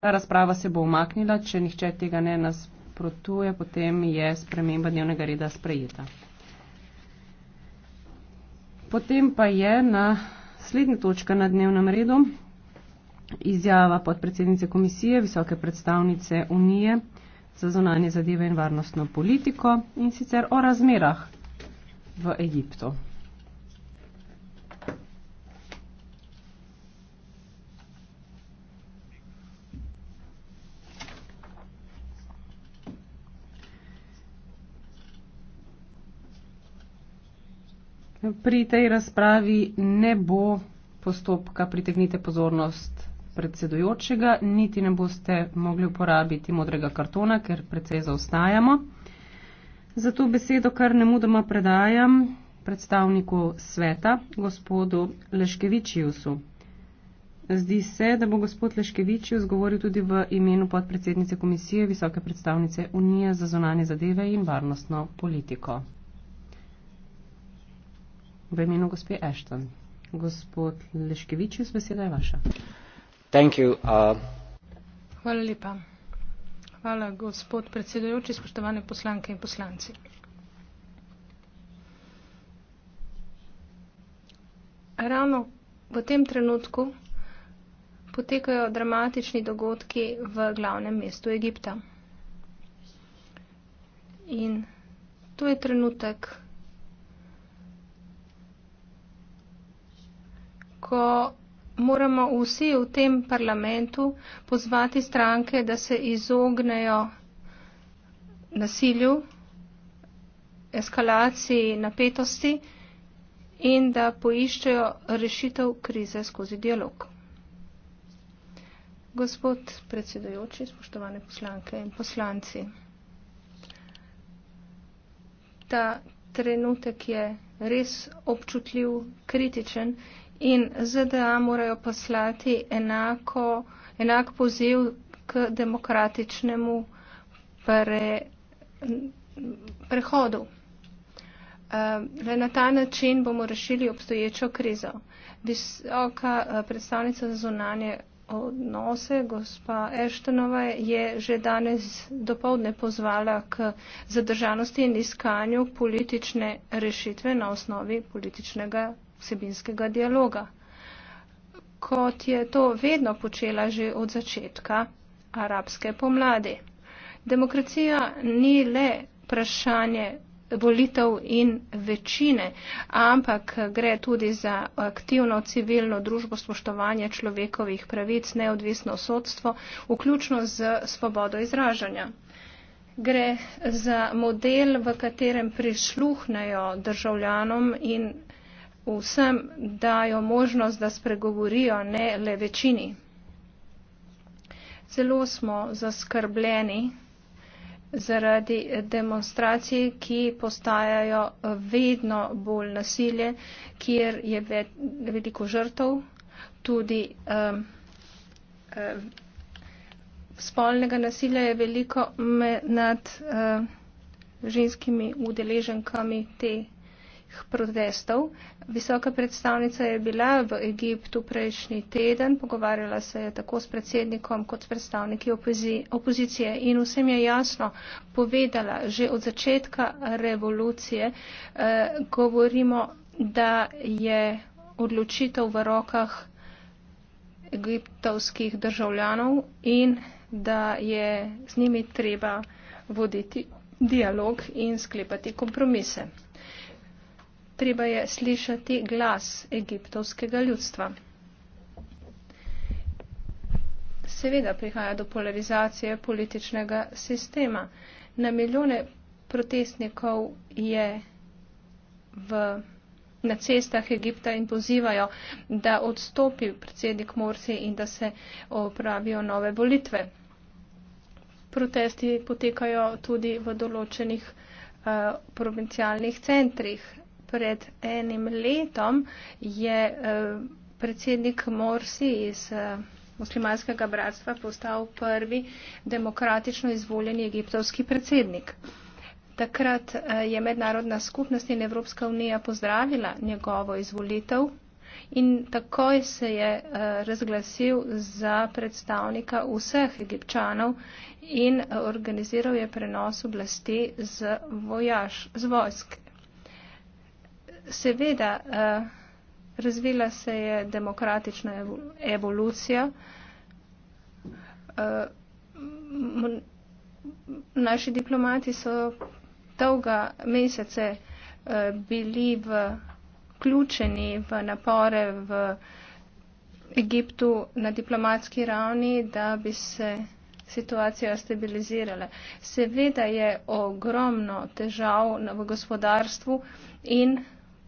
Ta razprava se bo umaknila, če nihče tega ne nasprotuje, potem je sprememba dnevnega reda sprejeta. Potem pa je na slednja točka na dnevnem redu izjava podpredsednice komisije, visoke predstavnice Unije za zonanje zadeve in varnostno politiko in sicer o razmerah v Egiptu. pri tej razpravi ne bo postopka pritegnite pozornost predsedujočega, niti ne boste mogli uporabiti modrega kartona, ker precej zaostajamo. Zato besedo kar ne mudoma predajam predstavniku sveta, gospodu Leškevičiusu. Zdi se, da bo gospod Leškevičius govoril tudi v imenu podpredsednice komisije Visoke predstavnice Unije za zonanje zadeve in varnostno politiko v imenu gospe Ashton. Gospod Leškevič, beseda je vaša. Thank you, uh... Hvala lepa. Hvala, gospod predsedujoči, spoštovane poslanke in poslanci. Ravno v tem trenutku potekajo dramatični dogodki v glavnem mestu Egipta. In to je trenutek, ko moramo vsi v tem parlamentu pozvati stranke, da se izognejo nasilju, eskalaciji napetosti in da poiščejo rešitev krize skozi dialog. Gospod predsedujoči, spoštovane poslanke in poslanci, ta trenutek je res občutljiv, kritičen In ZDA morajo poslati enako, enak poziv k demokratičnemu pre, prehodu. Ehm, le na ta način bomo rešili obstoječo krizo. Visoka eh, predstavnica za zunanje odnose, gospa Eštenova, je že danes dopovdne pozvala k zadržanosti in iskanju politične rešitve na osnovi političnega vsebinskega dialoga. Kot je to vedno počela že od začetka arabske pomladi. Demokracija ni le vprašanje volitev in večine, ampak gre tudi za aktivno civilno družbo spoštovanja človekovih pravic, neodvisno sodstvo, vključno z svobodo izražanja. Gre za model, v katerem prisluhnejo državljanom in vsem dajo možnost, da spregovorijo, ne le večini. Zelo smo zaskrbljeni zaradi demonstracij, ki postajajo vedno bolj nasilje, kjer je veliko žrtov, tudi um, um, spolnega nasilja je veliko med, nad um, ženskimi udeleženkami te protestov. Visoka predstavnica je bila v Egiptu prejšnji teden, pogovarjala se je tako s predsednikom kot s predstavniki opozicije in vsem je jasno povedala že od začetka revolucije, eh, govorimo, da je odločitev v rokah egiptovskih državljanov in da je z njimi treba voditi dialog in sklepati kompromise treba je slišati glas egiptovskega ljudstva. Seveda prihaja do polarizacije političnega sistema. Na milijone protestnikov je v, na cestah Egipta in pozivajo, da odstopi predsednik Morsi in da se opravijo nove volitve. Protesti potekajo tudi v določenih uh, provincialnih centrih pred enim letom je eh, predsednik Morsi iz eh, muslimanskega bratstva postal prvi demokratično izvoljeni egiptovski predsednik. Takrat eh, je mednarodna skupnost in Evropska unija pozdravila njegovo izvolitev in takoj se je razglasil za predstavnika vseh egipčanov in organiziral je prenos oblasti z, vojaž, z vojsk Seveda, eh, razvila se je demokratična evolucija. Eh, naši diplomati so dolga mesece eh, bili vključeni v napore v Egiptu na diplomatski ravni, da bi se situacija stabilizirala. Seveda je ogromno težav v gospodarstvu in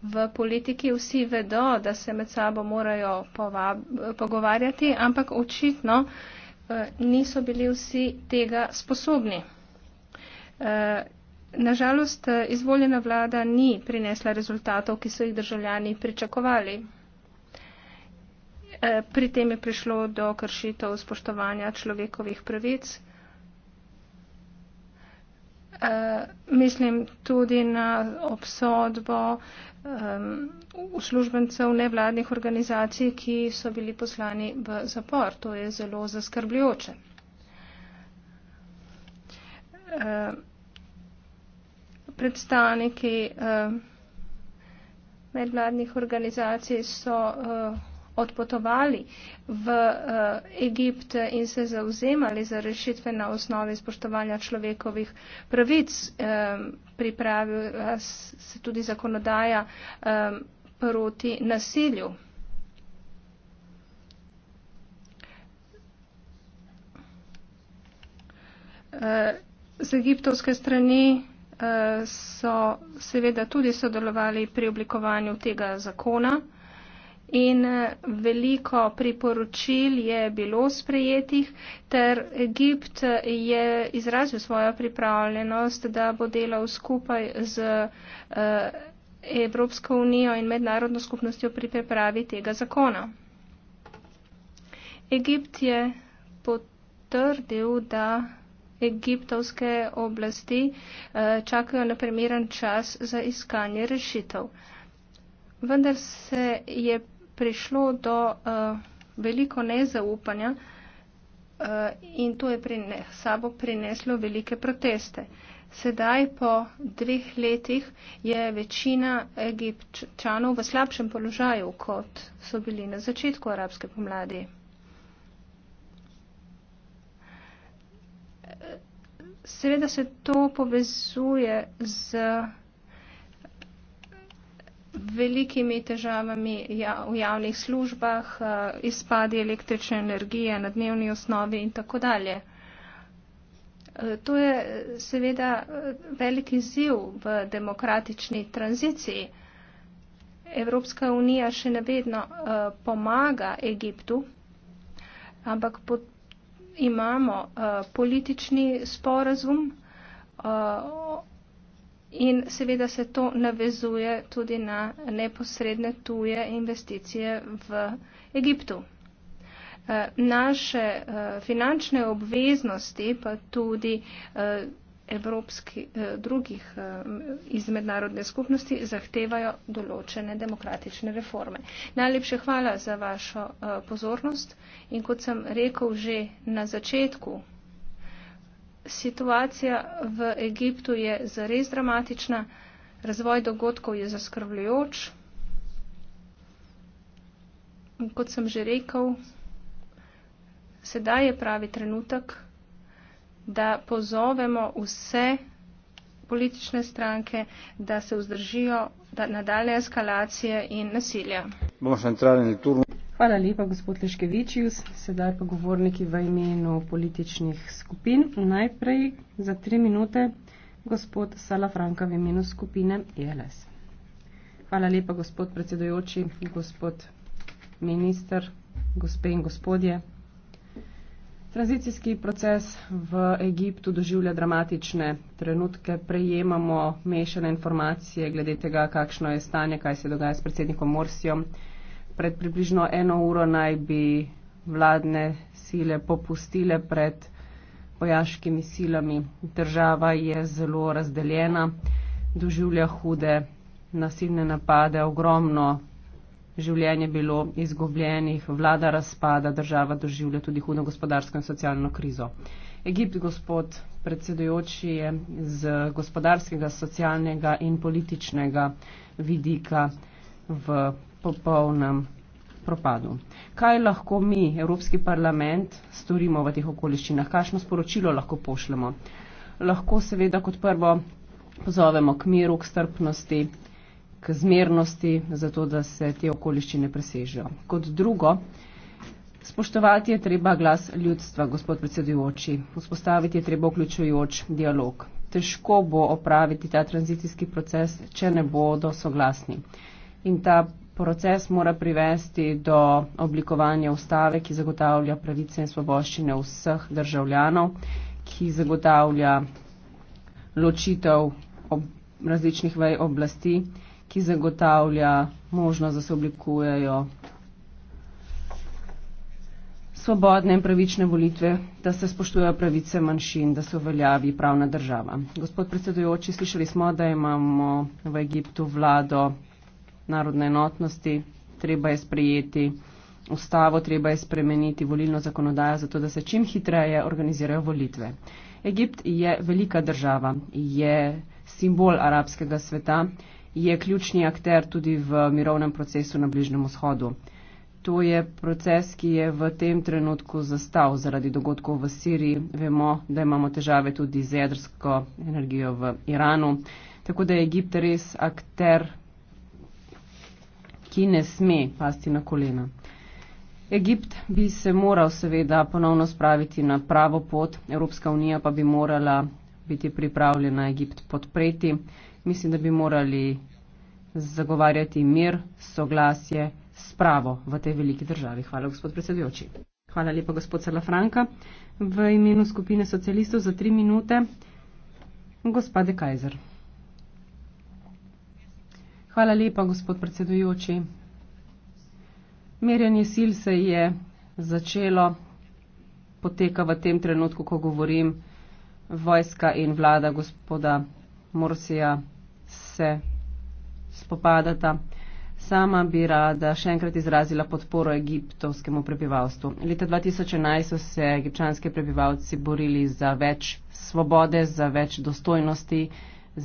v politiki vsi vedo, da se med sabo morajo povab, pogovarjati, ampak očitno eh, niso bili vsi tega sposobni. Eh, Nažalost, eh, izvoljena vlada ni prinesla rezultatov, ki so jih državljani pričakovali. Pri tem je prišlo do kršitev spoštovanja človekovih pravic. Eh, mislim tudi na obsodbo uslužbencev nevladnih organizacij, ki so bili poslani v zapor. To je zelo zaskrbljujoče. Eh, predstavniki eh, nevladnih organizacij so. E, odpotovali v eh, Egipt in se zauzemali za rešitve na osnovi spoštovanja človekovih pravic. Eh, Pripravila eh, se tudi zakonodaja proti nasilju. Z egiptovske strani so seveda tudi sodelovali pri oblikovanju tega zakona in eh, veliko priporočil je bilo sprejetih, ter Egipt eh, je izrazil svojo pripravljenost, da bo delal skupaj z eh, Evropsko unijo in mednarodno skupnostjo pri pripravi tega zakona. Egipt je potrdil, da egiptovske oblasti čakajo na primeren čas za iskanje rešitev. Vendar se je prišlo do uh, veliko nezaupanja uh, in to je prine, sabo prineslo velike proteste. Sedaj po dveh letih je večina egipčanov v slabšem položaju, kot so bili na začetku arabske pomladi. Seveda se to povezuje z velikimi težavami ja, v javnih službah, eh, izpadi električne energije na dnevni osnovi in tako dalje. Eh, to je eh, seveda veliki ziv v demokratični tranziciji. Evropska unija še ne vedno pomaga Egiptu, ampak imamo politični sporazum In seveda se to navezuje tudi na neposredne tuje investicije v Egiptu. Eh, naše eh, finančne obveznosti, pa tudi eh, evropski, drugih iz mednarodne skupnosti, zahtevajo določene demokratične reforme. Najlepše hvala za vašo pozornost in kot sem rekel že na začetku situacija v Egiptu je zares dramatična, razvoj dogodkov je zaskrbljujoč. Kot sem že rekel, sedaj je pravi trenutek, da pozovemo vse politične stranke, da se vzdržijo nadaljne eskalacije in nasilja. Bomo še entrali na turno. Hvala lepa, gospod Leškevičius. Sedaj pa govorniki v imenu političnih skupin. Najprej za tri minute gospod Sala Franka v imenu skupine ELS. Hvala lepa, gospod predsedojoči, gospod minister, gospe in gospodje. Tranzicijski proces v Egiptu doživlja dramatične trenutke. Prejemamo mešane informacije glede tega, kakšno je stanje, kaj se dogaja s predsednikom Morsijom pred približno eno uro naj bi vladne sile popustile pred vojaškimi silami. Država je zelo razdeljena, doživlja hude nasilne napade, ogromno življenje bilo izgubljenih, vlada razpada, država doživlja tudi hudo gospodarsko in socialno krizo. Egipt, gospod predsedujoči, je z gospodarskega, socialnega in političnega vidika v popolnem propadu. Kaj lahko mi, Evropski parlament, storimo v teh okoliščinah? Kakšno sporočilo lahko pošljemo? Lahko seveda kot prvo pozovemo k miru, k strpnosti, k zmernosti, zato da se te okoliščine presežejo. Kot drugo, spoštovati je treba glas ljudstva, gospod predsedujoči. Vzpostaviti je treba vključujoč dialog. Težko bo opraviti ta tranzicijski proces, če ne bodo soglasni. In ta proces mora privesti do oblikovanja ustave, ki zagotavlja pravice in svoboščine vseh državljanov, ki zagotavlja ločitev ob različnih vej oblasti, ki zagotavlja možnost, da se oblikujejo svobodne in pravične volitve, da se spoštujejo pravice manjšin, da se uveljavi pravna država. Gospod predsedujoči, slišali smo, da imamo v Egiptu vlado narodne enotnosti, treba je sprejeti ustavo, treba je spremeniti volilno zakonodajo, zato da se čim hitreje organizirajo volitve. Egipt je velika država, je simbol arabskega sveta, je ključni akter tudi v mirovnem procesu na Bližnjem vzhodu. To je proces, ki je v tem trenutku zastav zaradi dogodkov v Siriji. Vemo, da imamo težave tudi z jedrsko energijo v Iranu. Tako da je Egipt res akter ki ne sme pasti na kolena. Egipt bi se moral seveda ponovno spraviti na pravo pot, Evropska unija pa bi morala biti pripravljena Egipt podpreti. Mislim, da bi morali zagovarjati mir, soglasje, spravo v tej veliki državi. Hvala, gospod predsedujoči. Hvala lepa, gospod Salafranka. V imenu skupine socialistov za tri minute, gospod Dekajzer. Hvala lepa, gospod predsedujoči. Merjanje sil se je začelo, poteka v tem trenutku, ko govorim, vojska in vlada gospoda Morsija se spopadata. Sama bi rada še enkrat izrazila podporo egiptovskemu prebivalstvu. Leta 2011 so se egipčanske prebivalci borili za več svobode, za več dostojnosti,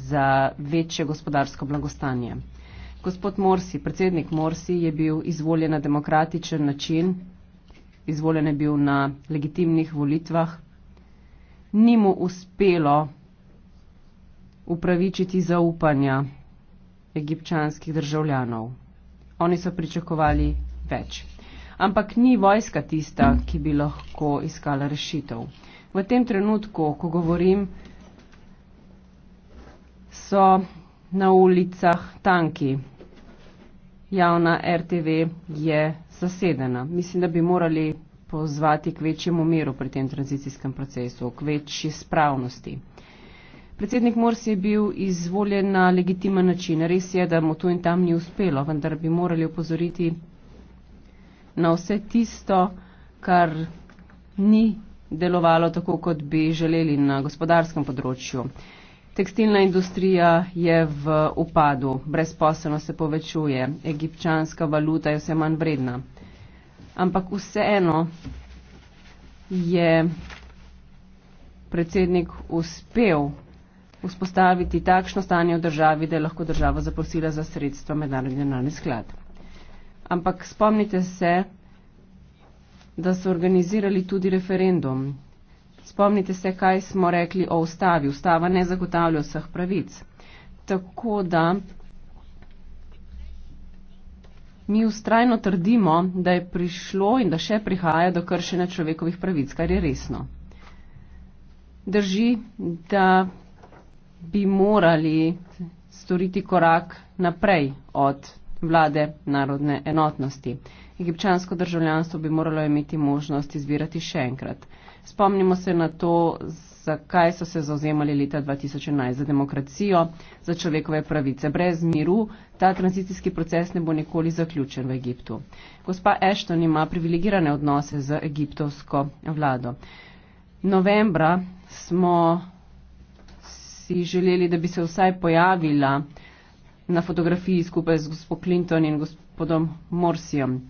za večje gospodarsko blagostanje. Gospod Morsi, predsednik Morsi je bil izvoljen na demokratičen način, izvoljen je bil na legitimnih volitvah. Ni mu uspelo upravičiti zaupanja egipčanskih državljanov. Oni so pričakovali več. Ampak ni vojska tista, ki bi lahko iskala rešitev. V tem trenutku, ko govorim, so na ulicah tanki, javna RTV je zasedena. Mislim, da bi morali pozvati k večjemu miru pri tem tranzicijskem procesu, k večji spravnosti. Predsednik Morsi je bil izvoljen na legitimen način. Res je, da mu to in tam ni uspelo, vendar bi morali upozoriti na vse tisto, kar ni delovalo tako, kot bi želeli na gospodarskem področju. Tekstilna industrija je v upadu, brezposelnost se povečuje, egipčanska valuta je vse manj vredna. Ampak vseeno je predsednik uspel vzpostaviti takšno stanje v državi, da je lahko država zaprosila za sredstva mednarodni denarni sklad. Ampak spomnite se, da so organizirali tudi referendum Spomnite se, kaj smo rekli o ustavi. Ustava ne zagotavlja vseh pravic. Tako da mi ustrajno trdimo, da je prišlo in da še prihaja do kršene človekovih pravic, kar je resno. Drži, da bi morali storiti korak naprej od vlade narodne enotnosti. Egipčansko državljanstvo bi moralo imeti možnost izbirati še enkrat. Spomnimo se na to, zakaj so se zauzemali leta 2011 za demokracijo, za človekove pravice. Brez miru ta tranzicijski proces ne bo nikoli zaključen v Egiptu. Gospa Ashton ima privilegirane odnose z egiptovsko vlado. Novembra smo si želeli, da bi se vsaj pojavila na fotografiji skupaj z gospod Clinton in gospodom Morsijem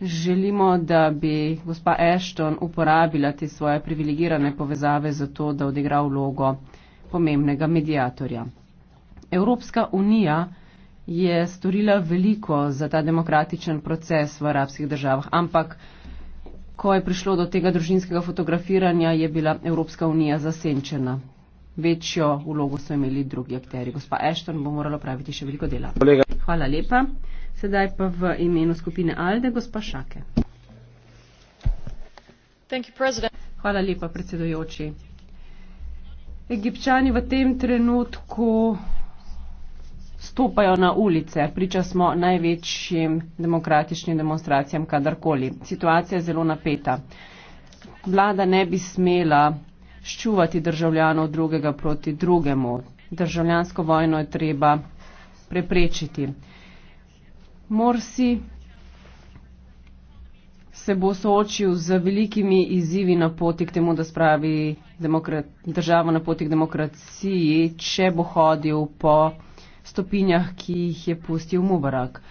želimo, da bi gospa Ashton uporabila te svoje privilegirane povezave za to, da odigra vlogo pomembnega medijatorja. Evropska unija je storila veliko za ta demokratičen proces v arabskih državah, ampak ko je prišlo do tega družinskega fotografiranja, je bila Evropska unija zasenčena. Večjo vlogo so imeli drugi akteri. Gospa Ashton bo morala praviti še veliko dela. Hvala lepa. Sedaj pa v imenu skupine Alde, gospa Šake. Hvala lepa, predsedujoči. Egipčani v tem trenutku stopajo na ulice. Priča smo največjim demokratičnim demonstracijam kadarkoli. Situacija je zelo napeta. Vlada ne bi smela ščuvati državljanov drugega proti drugemu. Državljansko vojno je treba preprečiti. Morsi se bo soočil z velikimi izzivi na poti k temu, da spravi državo na poti k demokraciji, če bo hodil po stopinjah, ki jih je pustil Mubarak.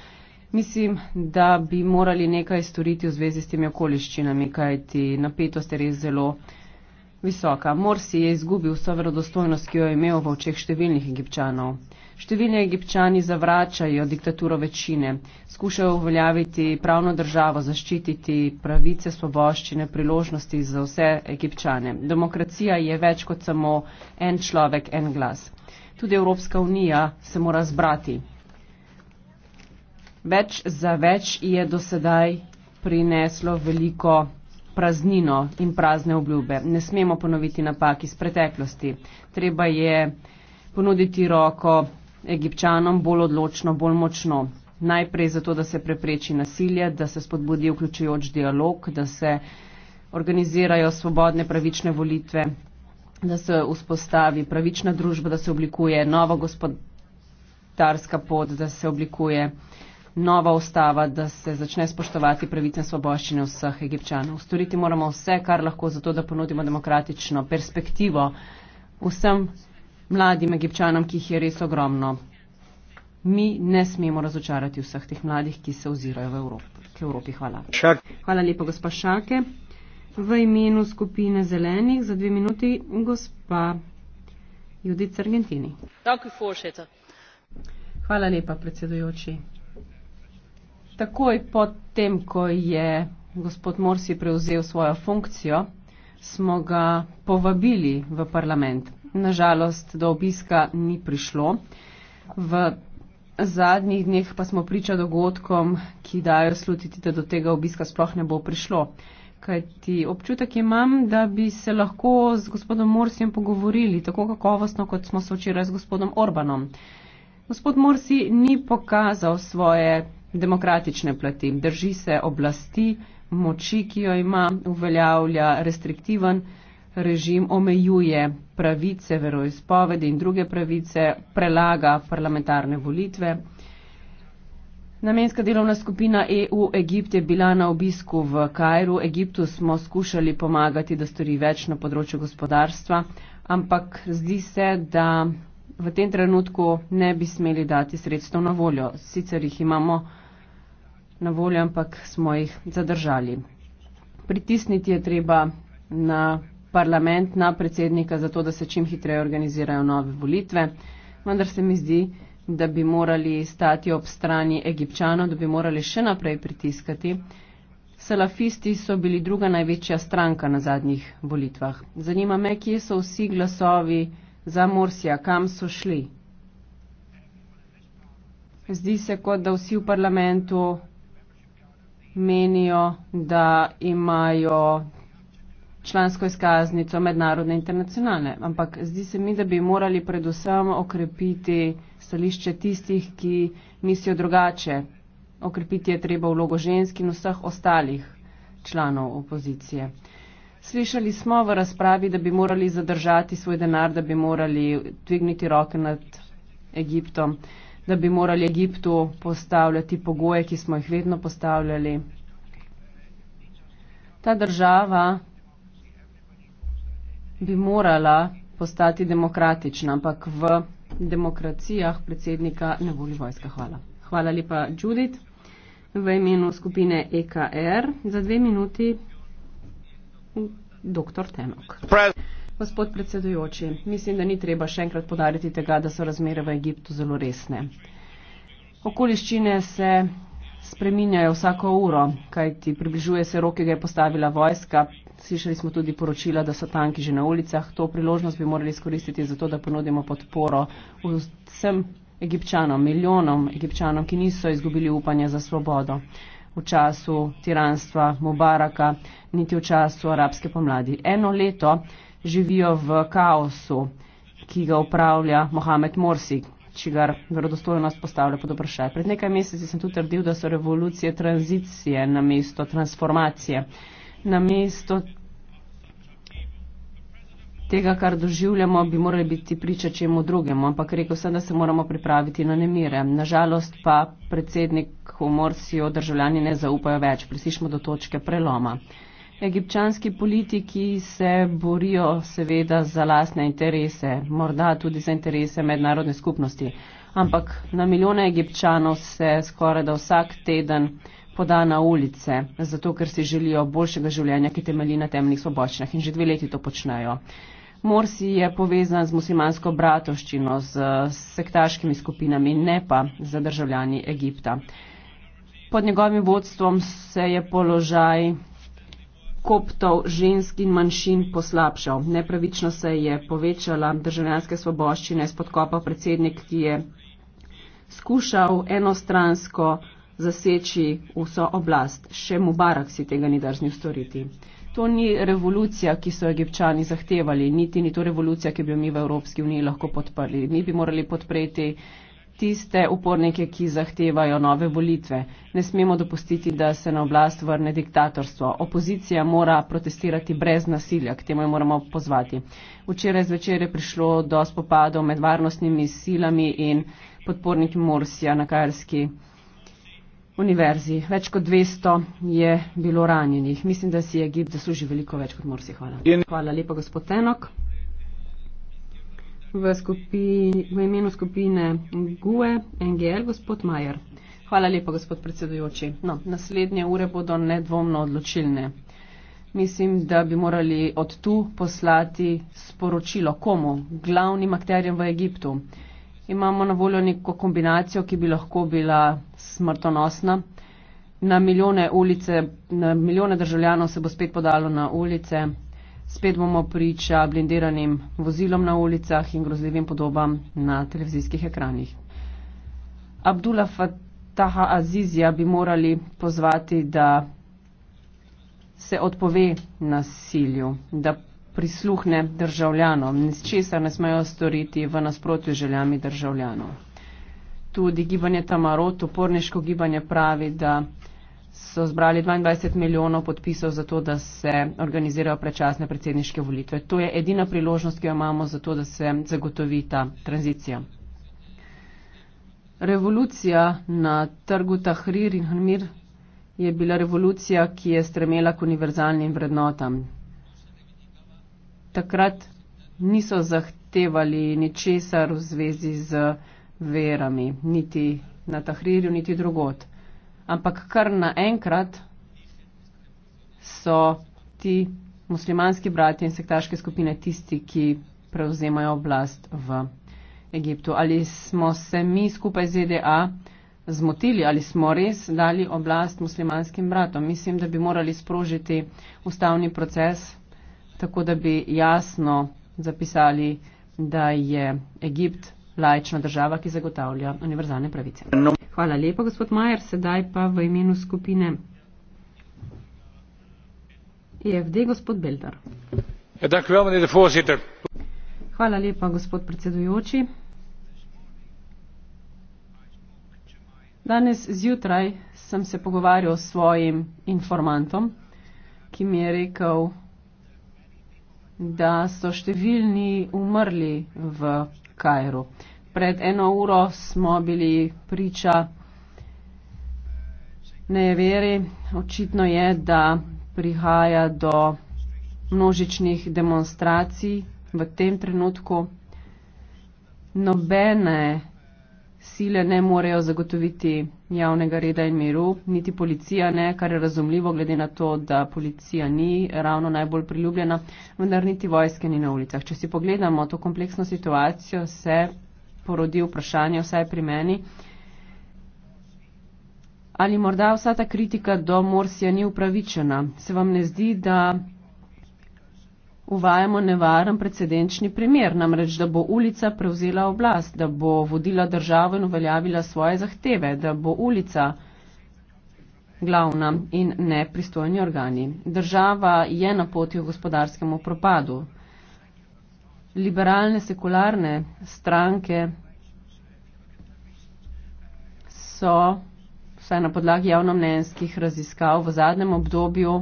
Mislim, da bi morali nekaj storiti v zvezi s temi okoliščinami, kajti napetost je res zelo visoka. Morsi je izgubil vso verodostojnost, ki jo je imel v očeh številnih egipčanov. Številni egipčani zavračajo diktaturo večine, skušajo uveljaviti pravno državo, zaščititi pravice, svoboščine, priložnosti za vse egipčane. Demokracija je več kot samo en človek, en glas. Tudi Evropska unija se mora zbrati. Več za več je do sedaj prineslo veliko praznino in prazne obljube. Ne smemo ponoviti napak iz preteklosti. Treba je ponuditi roko egipčanom bolj odločno, bolj močno. Najprej zato, da se prepreči nasilje, da se spodbudi vključujoč dialog, da se organizirajo svobodne, pravične volitve, da se vzpostavi pravična družba, da se oblikuje nova gospodarska pot, da se oblikuje. Uh, nova ustava, da se začne spoštovati pravice in svoboščine vseh egipčanov. Storiti moramo vse, kar lahko, zato da ponudimo demokratično perspektivo vsem mladim egipčanom, ki jih je res ogromno. Mi ne smemo razočarati vseh teh mladih, ki se ozirajo v Evropi. K Evropi hvala. Šak. Hvala lepa, gospa Šake. V imenu skupine zelenih za dve minuti gospa Judica Argentini. Hvala lepa, predsedujoči. Takoj po tem, ko je gospod Morsi prevzel svojo funkcijo, smo ga povabili v parlament. Nažalost, do obiska ni prišlo. V zadnjih dneh pa smo priča dogodkom, ki dajo slutiti, da do tega obiska sploh ne bo prišlo. Kajti občutek imam, da bi se lahko z gospodom Morsijem pogovorili tako kakovostno, kot smo se včeraj z gospodom Orbanom. Gospod Morsi ni pokazal svoje demokratične plati. Drži se oblasti, moči, ki jo ima, uveljavlja restriktiven režim, omejuje pravice veroizpovedi in druge pravice, prelaga parlamentarne volitve. Namenska delovna skupina EU Egipt je bila na obisku v Kajru. Egiptu smo skušali pomagati, da stori več na področju gospodarstva, ampak zdi se, da v tem trenutku ne bi smeli dati sredstev na voljo. Sicer jih imamo na voljo, ampak smo jih zadržali. Pritisniti je treba na parlament, na predsednika, zato da se čim hitreje organizirajo nove volitve. Vendar se mi zdi, da bi morali stati ob strani egipčanov, da bi morali še naprej pritiskati. Salafisti so bili druga največja stranka na zadnjih volitvah. Zanima me, kje so vsi glasovi za Morsija, kam so šli. Zdi se, kot da vsi v parlamentu menijo, da imajo člansko izkaznico mednarodne in internacionalne. Ampak zdi se mi, da bi morali predvsem okrepiti stališče tistih, ki mislijo drugače. Okrepiti je treba vlogo žensk in vseh ostalih članov opozicije. Slišali smo v razpravi, da bi morali zadržati svoj denar, da bi morali dvigniti roke nad Egiptom, da bi morali Egiptu postavljati pogoje, ki smo jih vedno postavljali. Ta država bi morala postati demokratična, ampak v demokracijah predsednika ne voli vojska. Hvala. Hvala lepa, Judith, v imenu skupine EKR. Za dve minuti Doktor Temok. Gospod predsedujoči, mislim, da ni treba še enkrat podariti tega, da so razmere v Egiptu zelo resne. Okoliščine se spreminjajo vsako uro, kajti približuje se rok, ki ga je postavila vojska. Slišali smo tudi poročila, da so tanki že na ulicah. To priložnost bi morali izkoristiti zato, da ponudimo podporo vsem egipčanom, milijonom egipčanom, ki niso izgubili upanja za svobodo v času tiranstva Mubaraka, niti v času arabske pomladi. Eno leto živijo v kaosu, ki ga upravlja Mohamed Morsi, čigar verodostojnost postavlja pod vprašaj. Pred nekaj meseci sem tu trdil, da so revolucije tranzicije namesto transformacije. Namesto tega, kar doživljamo, bi morali biti priča čemu drugemu, ampak rekel sem, da se moramo pripraviti na nemire. Nažalost pa predsedniku Morsijo državljani ne zaupajo več, prisišmo do točke preloma. Egipčanski politiki se borijo seveda za lastne interese, morda tudi za interese mednarodne skupnosti, ampak na milijone egipčanov se skoraj da vsak teden poda na ulice, zato ker si želijo boljšega življenja, ki temelji na temnih svoboščinah in že dve leti to počnejo. Morsi je povezan z muslimansko bratovščino, z sektaškimi skupinami, ne pa z državljani Egipta. Pod njegovim vodstvom se je položaj koptov, žensk in manjšin poslabšal. Nepravično se je povečala državljanske svoboščine spod kopa predsednik, ki je skušal enostransko zaseči vso oblast. Še Mubarak si tega ni drznil storiti. To ni revolucija, ki so egipčani zahtevali, niti ni to revolucija, ki bi jo mi v Evropski uniji lahko podprli. Mi bi morali podpreti tiste upornike, ki zahtevajo nove volitve. Ne smemo dopustiti, da se na oblast vrne diktatorstvo. Opozicija mora protestirati brez nasilja, k temu jo moramo pozvati. Včeraj zvečer je prišlo do spopadov med varnostnimi silami in podporniki Morsija na Karski univerzi. Več kot 200 je bilo ranjenih. Mislim, da si je Egipt zaslužil veliko več kot Morsi. Hvala. Hvala lepa, gospod Tenok. V, skupini, v imenu skupine GUE, NGL, gospod Majer. Hvala lepa, gospod predsedujoči. No, naslednje ure bodo nedvomno odločilne. Mislim, da bi morali od tu poslati sporočilo komu, glavnim akterjem v Egiptu imamo na voljo neko kombinacijo, ki bi lahko bila smrtonosna. Na milijone, ulice, na milijone državljanov se bo spet podalo na ulice, spet bomo priča blindiranim vozilom na ulicah in grozljivim podobam na televizijskih ekranih. Abdullah Fataha Azizija bi morali pozvati, da se odpove nasilju, da prisluhne državljanom, nič česar ne smejo storiti v nasprotju željami državljanov. Tudi gibanje Tamarot, uporniško gibanje pravi, da so zbrali 22 milijonov podpisov za to, da se organizirajo predčasne predsedniške volitve. To je edina priložnost, ki jo imamo za to, da se zagotovi ta tranzicija. Revolucija na trgu Tahrir in Hrmir je bila revolucija, ki je stremela k univerzalnim vrednotam takrat niso zahtevali ničesar v zvezi z verami, niti na Tahrirju, niti drugot. Ampak kar naenkrat so ti muslimanski brati in sektaške skupine tisti, ki prevzemajo oblast v Egiptu. Ali smo se mi skupaj z ZDA zmotili, ali smo res dali oblast muslimanskim bratom? Mislim, da bi morali sprožiti ustavni proces tako da bi jasno zapisali, da je Egipt lajčna država, ki zagotavlja univerzalne pravice. Hvala lepa, gospod Majer. Sedaj pa v imenu skupine IFD, e gospod Beldar. Ja, Hvala lepa, gospod predsedujoči. Danes zjutraj sem se pogovarjal s svojim informantom, ki mi je rekel, da so številni umrli v Kajru. Pred eno uro smo bili priča neveri. Očitno je, da prihaja do množičnih demonstracij v tem trenutku. Nobene sile ne morejo zagotoviti javnega reda in miru, niti policija ne, kar je razumljivo glede na to, da policija ni ravno najbolj priljubljena, vendar niti vojske ni na ulicah. Če si pogledamo to kompleksno situacijo, se porodi vprašanje vsaj pri meni. Ali morda vsa ta kritika do Morsija ni upravičena? Se vam ne zdi, da uvajamo nevaren precedenčni primer, namreč, da bo ulica prevzela oblast, da bo vodila državo in uveljavila svoje zahteve, da bo ulica glavna in ne pristojni organi. Država je na poti v gospodarskem propadu. Liberalne, sekularne stranke so, vsaj na podlagi javnomnenjskih raziskav, v zadnjem obdobju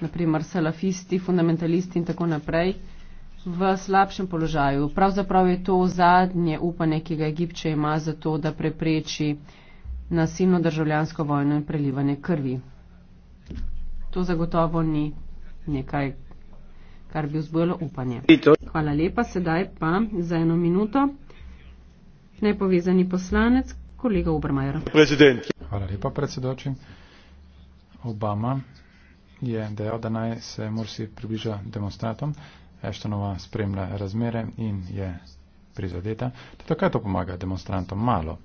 naprimer salafisti, fundamentalisti in tako naprej, v slabšem položaju. Pravzaprav je to zadnje upanje, ki ga Egipče ima za to, da prepreči nasilno državljansko vojno in prelivanje krvi. To zagotovo ni nekaj, kar bi vzbojilo upanje. Hvala lepa, sedaj pa za eno minuto. Nepovezani poslanec, kolega Obermajer. Hvala lepa, predsedoči. Obama je dejal, da naj se Mursi približa demonstratom. Eštonova spremlja razmere in je prizadeta. Tato, kaj to pomaga demonstrantom? Malo.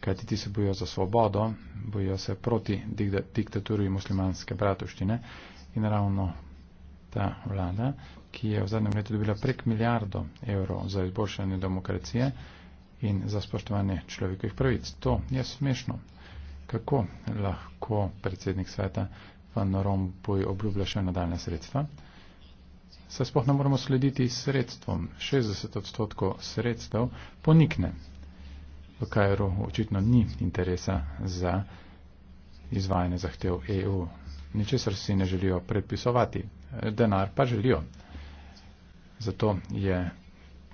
Kaj ti se bojijo za svobodo, bojijo se proti diktaturi muslimanske bratovščine in ravno ta vlada, ki je v zadnjem letu dobila prek milijardo evrov za izboljšanje demokracije in za spoštovanje človekovih pravic. To je smešno. Kako lahko predsednik sveta van Rompuy obljublja še nadaljne sredstva. Se spoh ne moramo slediti sredstvom. 60 odstotkov sredstev ponikne. V Kajru očitno ni interesa za izvajanje zahtev EU. Ničesar si ne želijo predpisovati, denar pa želijo. Zato je,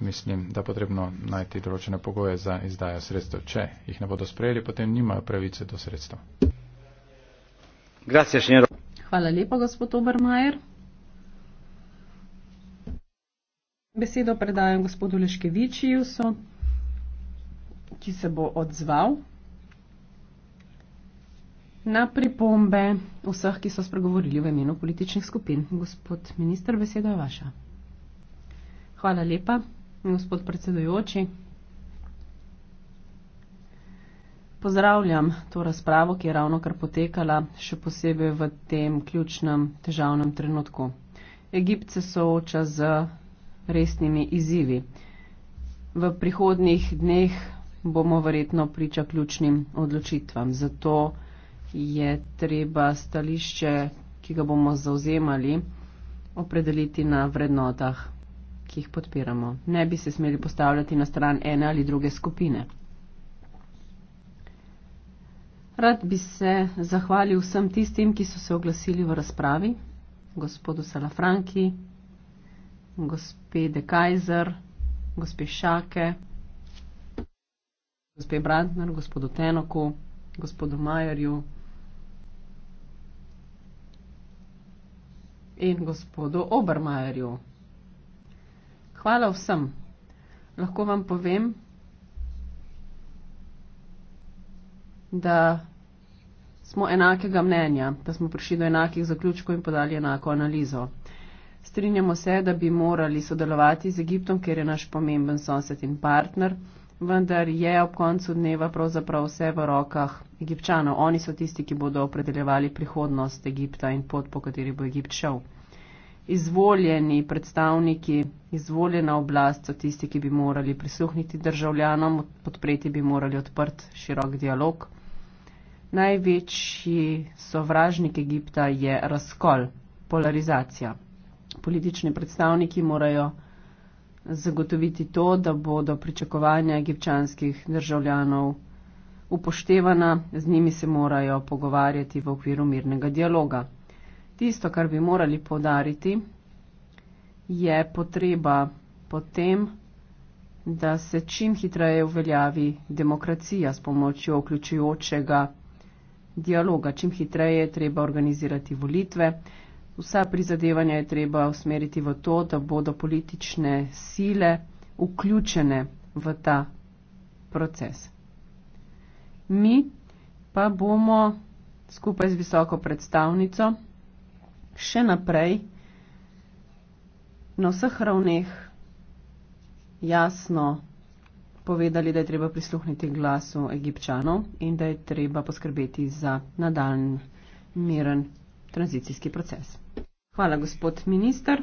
mislim, da potrebno najti določene pogoje za izdajo sredstev. Če jih ne bodo sprejeli, potem nimajo pravice do sredstev. Grazie, signor... Hvala lepa, gospod Obermajer. Besedo predajam gospodu Leškevičiju, ki se bo odzval na pripombe vseh, ki so spregovorili v imenu političnih skupin. Gospod minister, beseda je vaša. Hvala lepa, gospod predsedujoči. Pozdravljam to razpravo, ki je ravno kar potekala, še posebej v tem ključnem težavnem trenutku. Egipt se sooča z resnimi izzivi. V prihodnih dneh bomo verjetno priča ključnim odločitvam. Zato je treba stališče, ki ga bomo zauzemali, opredeliti na vrednotah, ki jih podpiramo. Ne bi se smeli postavljati na stran ene ali druge skupine. Rad bi se zahvalil vsem tistim, ki so se oglasili v razpravi, gospodu Salafranki, gospe De Kajzer, gospe Šake, gospe Brandner, gospodu Tenoku, gospodu Majerju in gospodu Obermajerju. Hvala vsem. Lahko vam povem, da smo enakega mnenja, da smo prišli do enakih zaključkov in podali enako analizo. Strinjamo se, da bi morali sodelovati z Egiptom, ker je naš pomemben sosed in partner, vendar je ob koncu dneva pravzaprav vse v rokah egipčanov. Oni so tisti, ki bodo opredeljevali prihodnost Egipta in pot, po kateri bo Egipt šel. Izvoljeni predstavniki, izvoljena oblast so tisti, ki bi morali prisluhniti državljanom, podpreti bi morali odprt širok dialog največji sovražnik Egipta je razkol, polarizacija. Politični predstavniki morajo zagotoviti to, da bodo pričakovanja egipčanskih državljanov upoštevana, z njimi se morajo pogovarjati v okviru mirnega dialoga. Tisto, kar bi morali povdariti, je potreba potem, da se čim hitreje uveljavi demokracija s pomočjo vključujočega dialoga. Čim hitreje je treba organizirati volitve. Vsa prizadevanja je treba usmeriti v to, da bodo politične sile vključene v ta proces. Mi pa bomo skupaj z visoko predstavnico še naprej na vseh ravneh jasno povedali, da je treba prisluhniti glasu egipčanov in da je treba poskrbeti za nadaljen miren tranzicijski proces. Hvala, gospod minister.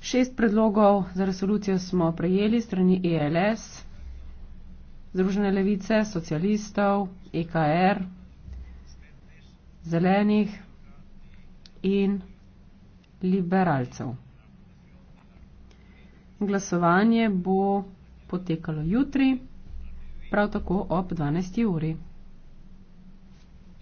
Šest predlogov za resolucijo smo prejeli strani ELS, Združene levice, socialistov, EKR, zelenih in liberalcev. Glasovanje bo potekalo jutri, prav tako ob 12. uri.